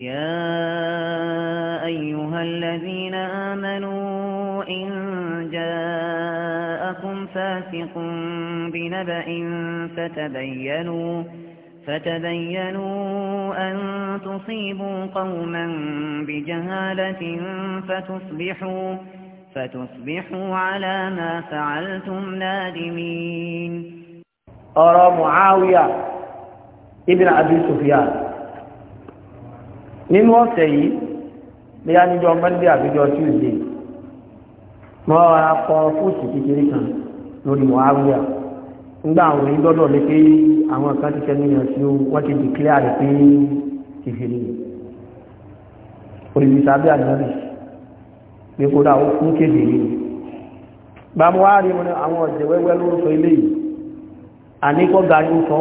يا أيها الذين آمنوا إن جاءكم فاسق بنبأ فتبينوا فتبينوا أن تصيبوا قوما بجهالة فتصبحوا, فتصبحوا على ما فعلتم نادمين أرى معاوية ابن أبي سفيان nínú ọ̀sẹ̀ yìí bóyá níjọ́ mọ́ndé àbíjọ́ tuesday mo rà kọ kékeré kan lórí muhawiya nígbà àwọn èyí dọ́dọ̀ lé pé àwọn kan ti sẹ́nu yàn sí wọ́n ti declare rẹ̀ pé kìfìrí olùbíṣà bí àdúrà pé kó dà ó fún kébìrì gbàmú wá rí àwọn ọ̀sẹ̀ wẹ́wẹ́ ilé yìí àníkọ́ sọ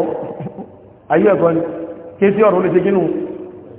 ayé ẹ̀kọ́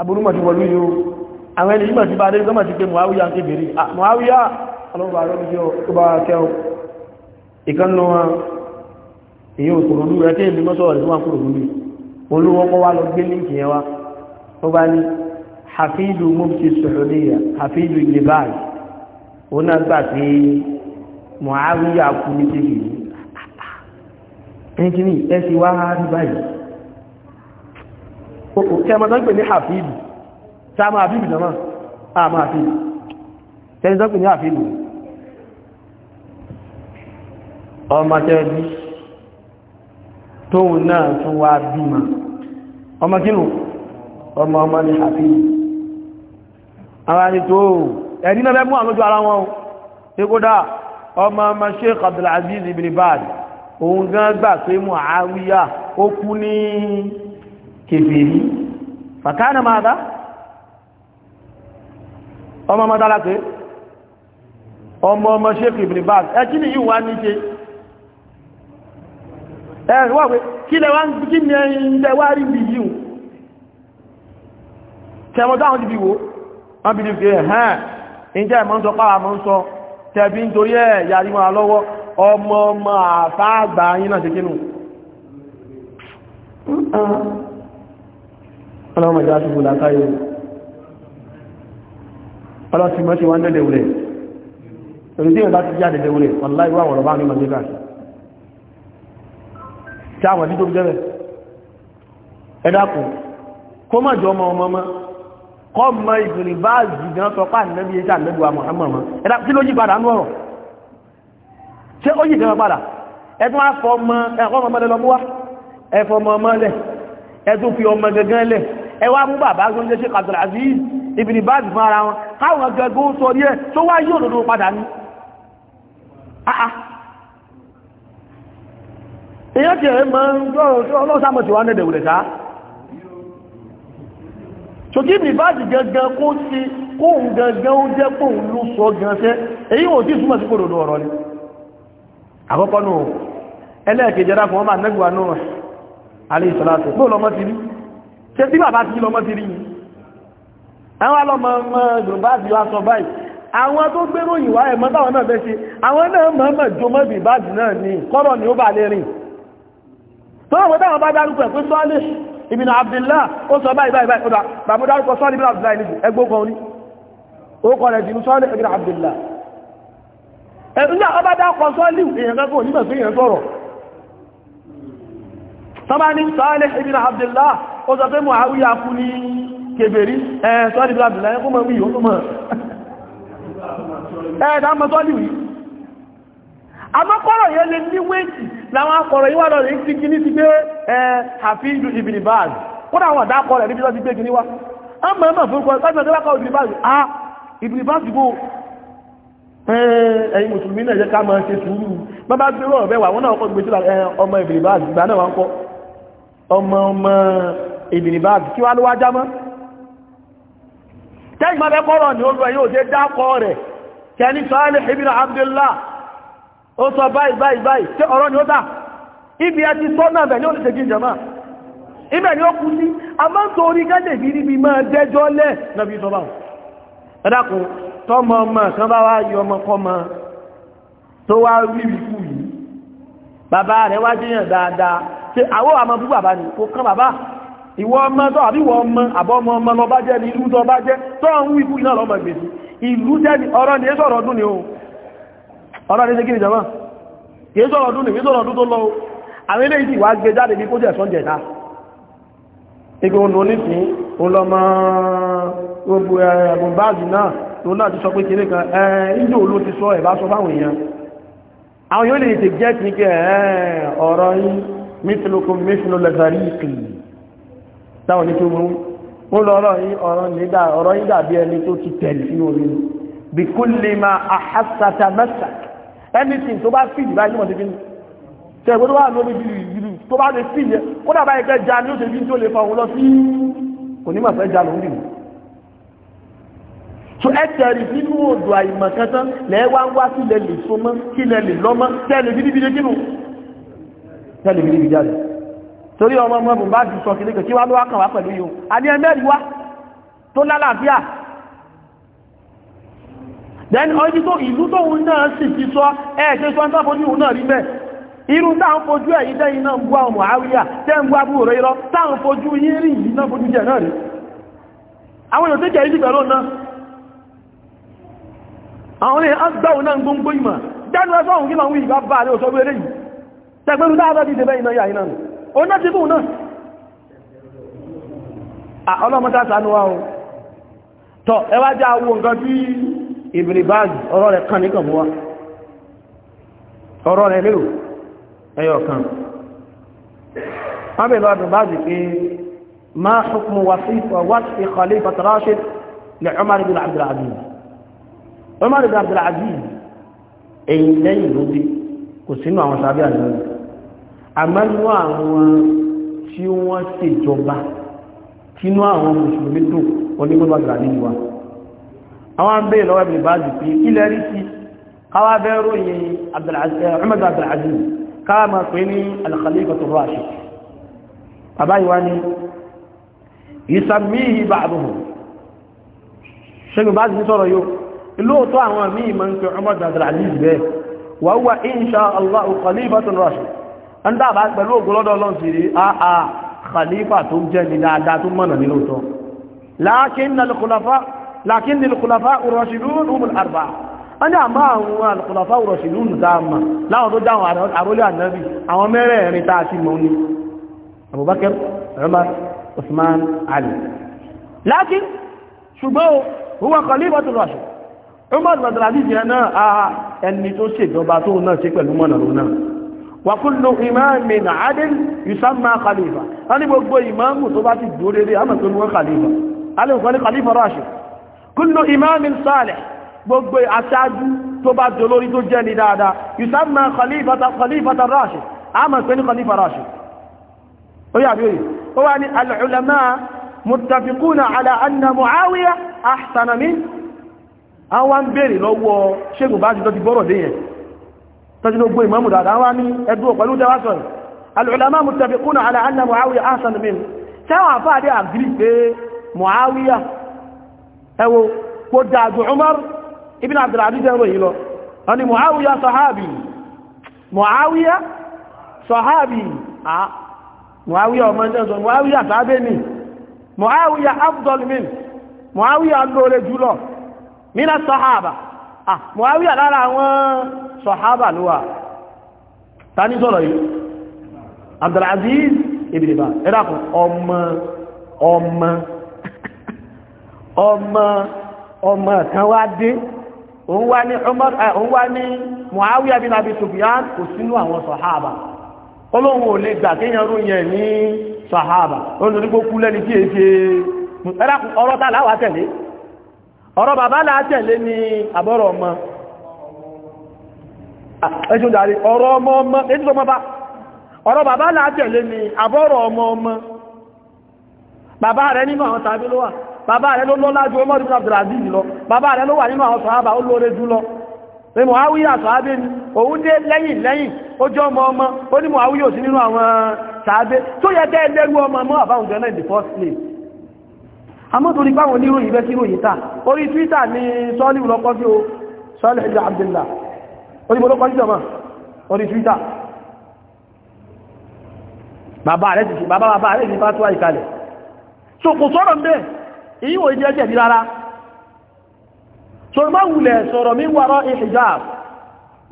aburúmọ̀ ti wọlú yóò àwọn ẹni ìgbà ti bá dé gọ́mà ti pé Muawiya ń kébèrè Muawiya ọlọ́rọ̀ àrọ́ yóò tó bá kẹ́ ìkànnà èyí òkòròdú rẹ̀ tí èmi mọ́sọ̀rọ̀ rẹ̀ wọ́n kúròdú rí olówọ́pọ̀ wá lọ gbé líǹkì ẹ kẹmọ̀tọ́gbẹ̀ ní àfíìbì tí a máa àfíìbì náà a máa àfíìbì tẹ́lẹ̀tọ́gbẹ̀ ní àfíìbì ọmọ tẹ́ẹ̀bí tóun náà tún wá bímọ ọmọ kínú ọmọ ọmọ ní àfíìbì àwọn àrètò ẹ̀rí náà mẹ́mú àwọn ojú ara wọn tí kó dá ọmọ ọmọ Sheikh Abdulaziz ibn Baz òun gan gbà pé Muawiya ó kú ní Kibiri, fakana máa dá ọmọ ọmọ dára pé ọmọ ọmọ ṣékù ìbìnì bá ẹkí ni yíò wá ní ṣe ẹ̀rùn wà pé kí lẹ wá ń kí ní ẹ̀yìn lẹ wá rí bí yíò tẹmọ dáhùn ti bí wo wọ́n bí ní pé ìjẹ́ ìmọ̀ ń sọ pàwà mọ́ ń sọ tẹ̀bí nítorí ẹ̀ yàrí wọn lọ́wọ́ ọmọ ọmọ àfáàgbà yín náà ṣe kínú ọlọ́mọ ìjá ṣubú látàrí ọlọ́tí mọ́ sí wọ́n dẹ̀dẹ̀ wulẹ̀ òrùdí ìbá ti jáde dẹ̀ wulẹ̀ wọláì wà wọ̀rọ̀ bá ní mọ̀lẹ́gbà tí a wà ní tó jẹ́rẹ̀ ẹ̀dàkùn kó mọ̀ jọ ọmọ ọmọ mọ́ kọ́ mọ́ ìgbìnrin bá jìgán sọ pà nẹ́bí ẹ̀ṣà nẹ́bí wa mọ̀ ẹ̀dà kí ló yí padà ń wọ̀rọ̀ ṣé ó yí ìdẹ́wọ̀ padà ẹ̀tún afọ ọmọ ẹ̀kọ́ ọmọ mọ́lẹ̀ lọ mú wá ẹ̀fọ́ ọmọ mọ́lẹ̀ ẹ̀tún fi ọmọ gẹ́gẹ́ lẹ̀ ẹ wá mú bàbá tó ń jẹ́ Sheikh Abdul Aziz Ibn Baz fún ara wọn káwọn gẹ́gẹ́ sọ rí ẹ̀ tó wá yí òdòdó padà ní ah, ah. èyàn tí ẹ̀ mọ́ ọlọ́sàmọ̀ tí wá nẹ́dẹ̀ wùlẹ̀ sáà ṣòkí Ibn Baz gẹ́gẹ́ kó sí kóhùn gẹ́gẹ́ ó jẹ́ kóhùn ló sọ gẹ́gẹ́ ṣe tí bàbá ti lọmọ ti rí yìí àwọn alọ́mọ ọmọ yorùbá ti wá sọ báyìí àwọn tó gbérò ìwà ẹ̀mọ́ táwọn náà fẹ́ ṣe àwọn náà mọ̀ọ́mọ̀ jọmọ́ bí ìbájú náà ní kọ́rọ̀ ni ó bà lè rìn tó rọ̀ táwọn bá dárúkọ ẹ̀ pé sọ́ọ́lì ibn Abdullah ó sọ báyìí báyìí báyìí ọ̀dà bàbá dárúkọ sọ́ọ́lì Abdullah níbi ẹgbó kan ní ó kọ̀ rẹ̀ jìnnú sọ́ọ́lì Abdullah ẹ̀rùn ọba dákọ̀ sọ́ọ́lì èèyàn kankan ò nígbà tó yẹn Abdullah ó sọ pé mọ̀ àwúyà fún ní kèbèrí ẹ̀ sọ́dí blabla ẹ kó mọ̀ wí yóò mọ̀ ẹ̀ẹ̀dá mọ̀ sọ́dí wí àmọ́kọ́rọ̀ yẹn lè ní wéèkì láwọn akọ̀rọ̀ yíwá lọ rẹ̀ ti kíní ti gbé ẹ̀ àfíìlú ìbìnì báàzì kódà àwọn àdákọ̀ rẹ̀ níbi lọ́ti gbé kíní wá ọmọ ẹmọ̀ fún kọ́ sọ́dí ọjọ́ lákọ̀ ìbìnì báàzì ah ìbìnì báàzì bó ẹ̀yin mùsùlùmí náà yẹ ká máa ṣe sùúrù bá bá gbé rọ̀ bẹ́wà wọn náà kọ́ gbé sí ọmọ ìbìnì báàzì gbà náà wá kọ́ ọmọ ọmọ ìbìnìbáàbì kí wá ló wá jámọ́ tẹ́yìn máa bẹ́kọ́rọ̀ ní olú ẹ̀yìn òṣè dákọ́ rẹ̀ kẹni sọ́ọ́lẹ̀ ìbìnà Abdullah ó sọ báyìí báyìí báyìí tí ọ̀rọ̀ ni ó dà ibi ẹ ti sọ ni ó kú sí a máa ń torí gẹ́gẹ́ bí níbi máa dẹ́jọ́ lẹ̀ nàbí sọ báwọn ẹ̀dàkùn tọ́mọ ọmọ kan bá wá yọ ọmọ kọ́mọ tó bàbá rẹ̀ wá jẹ́yàn dáadáa ṣe àwọ́ àmọ́ bú bàbá ni kò kán bàbá ìwọ ọmọ tó àbí ìwọ ọmọ àbọ́ ọmọ ọmọ lọ bá jẹ́ ní ìlú tó bá jẹ́ tó ń wú ikú iná lọ́mọ ìgbèsì ìlú jẹ́ ni ọ̀rọ̀ ni èso ọ̀rọ̀ ni ọ̀rọ̀ ni ṣe kí àwọn ilé ìsì wá jẹ́ sọ́n jẹ̀dá kí ní ọ̀rọ̀ yìí mítìlùkùn mítìlù lẹ́sàríkì táwọn ní tó mú mú lọ ọ̀rọ̀ yìí ọ̀rọ̀ nígbà ọ̀rọ̀ ẹni tó ti tẹ̀lé sínú omi bí kú lè máa àhásàtà mẹ́sà anything tó bá fìdí báyìí mọ̀ tẹ́kí tẹ́ ìgbó tó wà lórí ìlú tó bá lè fìdí kó dàbá ẹgbẹ́ ja ní òṣèlú tó lè fa òun lọ sí kò ní màfẹ́ ja lòún dìbò so ẹ tẹ̀rí nínú odò àìmọ̀kẹ́tán lẹ́ẹ̀ wá ń wá sílẹ̀ lè so mọ́ kílẹ̀ lè lọ́mọ́ tẹ́lẹ̀ bíbí tẹ́lẹ̀ mi níbi jáde torí ọmọ ọmọ bùn bá ti sọ kìlẹ̀ kìlẹ̀ kí wá ló wá kàn wá pẹ̀lú yìí o a ní ẹgbẹ́rì wá tó lálàáfíà then ọjí tó ìlú tóun náà sì ti sọ ẹ̀ẹ́kẹ́ sọ ń tọ́fojú òun náà rí bẹ́ẹ̀ irú táwọn fojú ẹ̀yí tẹ́yìn náà ń bú àwọn àríyà tẹ́ ń bú abúrò rẹ̀ irọ́ táwọn fojú yín rí yìí náà fojú jẹ náà rí àwọn èèyàn tó jẹ́ ìdí pẹ̀lú náà àwọn èèyàn gbáwọn náà gbóngbó ìmọ̀ dẹ́nu ẹfọ́ òun kí lọ ń wí ìgbà bá àrẹ òṣọ́gbé eléyìí tẹgbẹ́rú dáadáa ti dẹ̀bẹ́ iná yà iná nù o náà ti bú náà ọlọ́mọdá sánúwá o tọ ẹwájá wo nǹkan tí ìbìnrin báàgì ọ̀rọ̀ rẹ̀ kan níkan mú wa ọ̀rọ̀ rẹ̀ lérò ẹyọ kan wọ́n bèèrè ọdún báàgì pé máa hukmu wàsí ibn Abdul Aziz èyí lẹ́yìn ló dé kò sínú àwọn sábẹ́ àdúrà àmọ́ inú àwọn tí wọ́n ṣèjọba tínú àwọn mùsùlùmí dùn onígbọ́nà àgbà nínú wa àwọn abẹ́ ìlọ́wọ́ ìbìlì bá jù pé ilẹ̀ rí sí káwà bẹ́ ròyìn eh, Ahmad Abdulaziz káwà máa pè ní al-Khalifatu Rashid bàbá ìwá ni ìsàmìhì bá àbúhù ṣẹ́gun ti sọ̀rọ̀ yóò ilóòtọ́ àwọn míì máa ń pè Ahmad Abdulaziz bẹ́ẹ̀ wà wà inṣà allah khalifatun rashid ń dábàá pẹ̀lú ògùn lọ́dọ̀ ọlọ́run sì rí àà khalifa tó jẹ́ ní dáadáa tó mọ̀nà nínú tọ́ lakin al-khulafa lakin al-khulafa ar-rashidun hum al-arba'a wọ́n ní àmá àwọn al-khulafa ar-rashidun dáàmà láwọn tó dáwọn àrólé ànábì àwọn mẹ́rẹ̀ẹ̀rin tá a ti mọ̀ ní abubakar umar usman ali lakin ṣùgbọ́n huwa khalifatur rashid ọmọ ìgbàdàrà dídì ẹ náà a ẹni tó ṣèjọba tó náà ṣe pẹ̀lú mọ̀nà ló náà wà kullu imamin adil yusamma khalifa a ní gbogbo ìmáàmù tó bá ti dúró rere àmọ̀ pé wọ́n khalifa alẹ́kọ̀ọ́ ní khalifa rashid kullu imamin salih gbogbo aṣáájú tó bá dolórí tó jẹ́ ni dáadáa yusamma khalifata rashid àmọ̀ pé a wá ń bèèrè lọ́wọ́ ṣégun bá ti tọ́jú bọ́rọ̀ dé yẹn tọ́jú ló gbé ìmọ̀mù dáadáa wá ní ẹdúró pẹ̀lú tẹ́wàsọ̀ al-ulama muttafiquna ala anna Muawiya ahsan min tẹ́wọ̀n àfáàdé àgírí pé Umar ibn Abdul Aziz mina sọ̀hábà ah Muawiya lára àwọn sọ̀hábà ló wà ta ní sọ̀rọ̀ yìí Abdulaziz ibn Baz ọmọ ọmọ ọmọ ọmọ kan wá dé òun wá ní eh, Muawiya kò sínú àwọn sọ̀hábà olóhun ò lè gbà yẹn ní sọ̀hábà olórí gbókú lẹ́ni tí ṣe tẹ̀lé ọ̀rọ̀ bàbá látẹ̀lé ni àbọ̀rọ̀ ọmọ ẹjùn dàrí ọ̀rọ̀ ọmọ ọmọ ẹjùn ọmọ bá ọ̀rọ̀ bàbá látẹ̀lé ni àbọ̀rọ̀ ọmọ ọmọ bàbá rẹ̀ nínú àwọn tàbí ló wà bàbá rẹ̀ ló lọ́lá ju Umar ibn Abdulaziz lọ bàbá rẹ̀ ló wà nínú àwọn sọ̀hábà ó lóore jù lọ pé Muawiya sọ̀hábé ni òun dé lẹ́yìn lẹ́yìn ó jọ ọmọ ọmọ ó ní Muawiya ò nínú àwọn sọ̀hábé tó yẹ tẹ́ ẹlẹ́rú ọmọ mọ́ àbáhùn jọ náà in the first place àmọ́ torí báwọn oníròyìn bẹ́ kí ròyìn tà orí Twitter ni sọ́ọ̀lì lọ́kọ́ sí o sọ́ọ̀lì ìjọ Abdullah orí mọ́lọ́kọ́ sí ọmọ orí Twitter bàbá rẹ̀ ti bàbá bàbá rẹ̀ ti bá tó àìkalẹ̀ so kò sọ̀rọ̀ mẹ́ èyí wò jẹ́ jẹ̀bi rárá so má wulẹ̀ sọ̀rọ̀ mi wọ́rọ̀ ìhìjáàb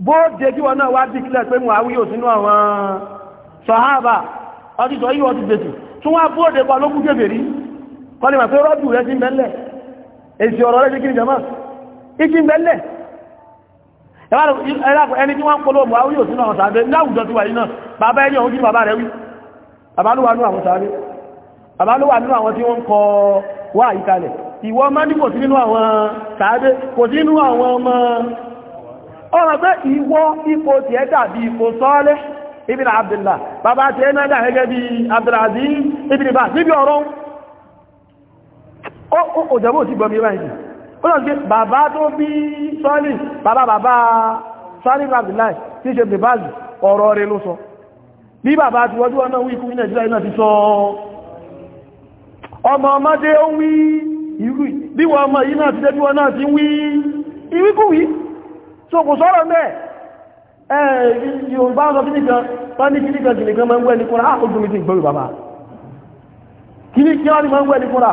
bó jẹ́ kí wọn náà wá dìkílẹ̀ pé mú àwúyò sínú àwọn sọ̀háàbà ọdí sọ kọ́ni mà pé rọ́jù rẹ̀ ti ń bẹ́lẹ̀ èsì ọ̀rọ̀ rẹ̀ ti kí ni jama ìkí ń bẹ́lẹ̀ ẹni tí wọ́n polówó àwọn yóò sínú àwọn sàábé láwùjọ ti wà yìí náà bàbá ẹni ọ̀hún kí bàbá rẹ̀ wí bàbá ló wà nínú àwọn sàábé bàbá ló wà nínú àwọn tí wọ́n ń kọ wá ìkalẹ̀ ìwọ máa ní kò sí nínú àwọn sàábé kò sí nínú àwọn ọmọ ọ̀rọ̀ pé ìwọ ipò tí ẹ dàbí náà gẹ́gẹ́ bí Abdulaziz ibn Baz níbi ọ̀rọ̀ òjòbó ti gbọmí báyìí ó lọ́n pé bàbá tó bí sọ́lì bàbá bàbá sọ́lì abdullahi tí ṣe bèbáàzì ọ̀rọ̀ rẹ̀ ló sọ bí bàbá ti wọ́jú ọ̀nà wí fún nàìjíríà iná ti sọ ọmọ ọmọdé ó wí irú bí wọ́n ọmọ yìí náà ti dé bí wọ́n náà ti wí ìwíkúwí so kò sọ́rọ̀ mẹ́ ẹ̀ yorùbá sọ kíníkan ah, wọ́n ní máa ń wẹ́ ní kúrò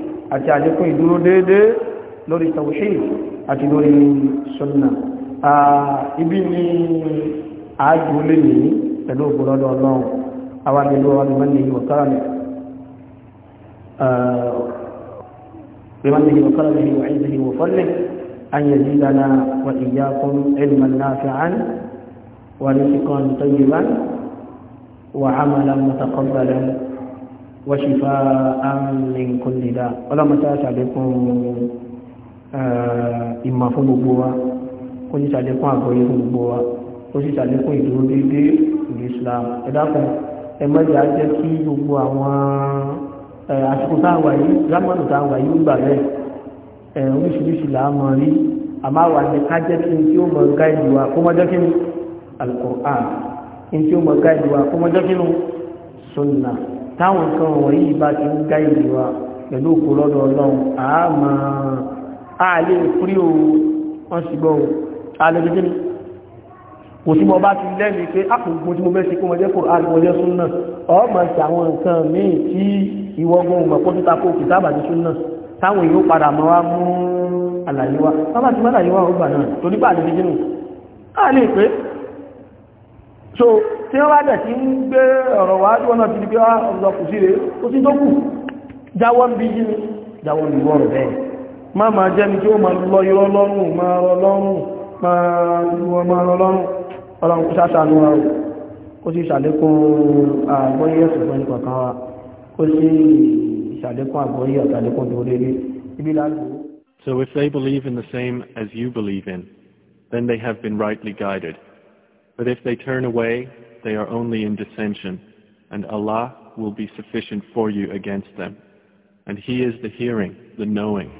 àti àlékún ìdúró déédéé lórí tawhid àti lórí sunna ibi ni ààjú lè ní pẹ̀lú ògbòlọ́dọ̀ ọlọ́run àwọn ìlú ọdún mẹ́lẹ̀ yìí wọ̀kára ní بمنه وكرمه وعزه وفضله متقبلا وشفاء من كل داء ولما تسالكم ìmọ̀ fún gbogbo wa kó ní sàlékún àgbọ́yé fún gbogbo wa ó sì sàlékún ìdúró dédé ìlú Islam ẹ̀dàkùn ẹ̀mọ́jẹ̀ á jẹ́ kí gbogbo àwọn eh, àsìkò táwà yìí lámọ̀nù táwà yìí gbà rẹ̀ eh, oríṣiríṣi làámọ̀ rí àmáwà ní ká jẹ́ kí n tí ó mọ̀ gáìdì wa kó mọ́ jẹ́ kí Al-Qur'an n tí ó mọ̀ gáìdì wa kó mọ́ jẹ́ kí Sunnah táwọn nǹkan wọ̀nyí bá ti ń gá ìlú wa pẹ̀lú òkú lọ́dọ̀ ọlọ́run àmà ààlè fúrí o wọ́n sì gbọ́ o ààlè gẹ́gẹ́ ni kò ah, tí mo bá ti lẹ́nu pé àkùnkùn tí mo bẹ́ sí kó mọ́ jẹ́ kó àgbọ̀jẹ́ súnà ọmọ sí àwọn nǹkan míì tí ìwọ́gbọ̀n mọ̀ kó tó takó kìtàbà ní súnà so tí wọ́n wá dẹ̀ sí ń gbé ọ̀rọ̀ wá tí wọ́n náà ti di pé ah, ọ̀rọ̀ kù sí rẹ̀ ó sí tó kù jáwọ́ ń bí yí ni jáwọ́ ń wọ́n rẹ̀ má máa jẹ́ mi tí ó máa lọ irọ́ lọ́rùn máa rọ lọ́rùn máa rọ lọ́rùn ọlọ́run kó sáṣàánú wa kó sì ṣàlékún àgbọ́yé ẹ̀sùn fún ẹnìkan wa kó sì ṣàlékún àgbọ́yé ọ̀tàlékún tó rere ibi So if they believe in the same as you believe in, then they have been rightly guided. But if they turn away, they are only in dissension, and Allah will be sufficient for you against them. And He is the hearing, the knowing.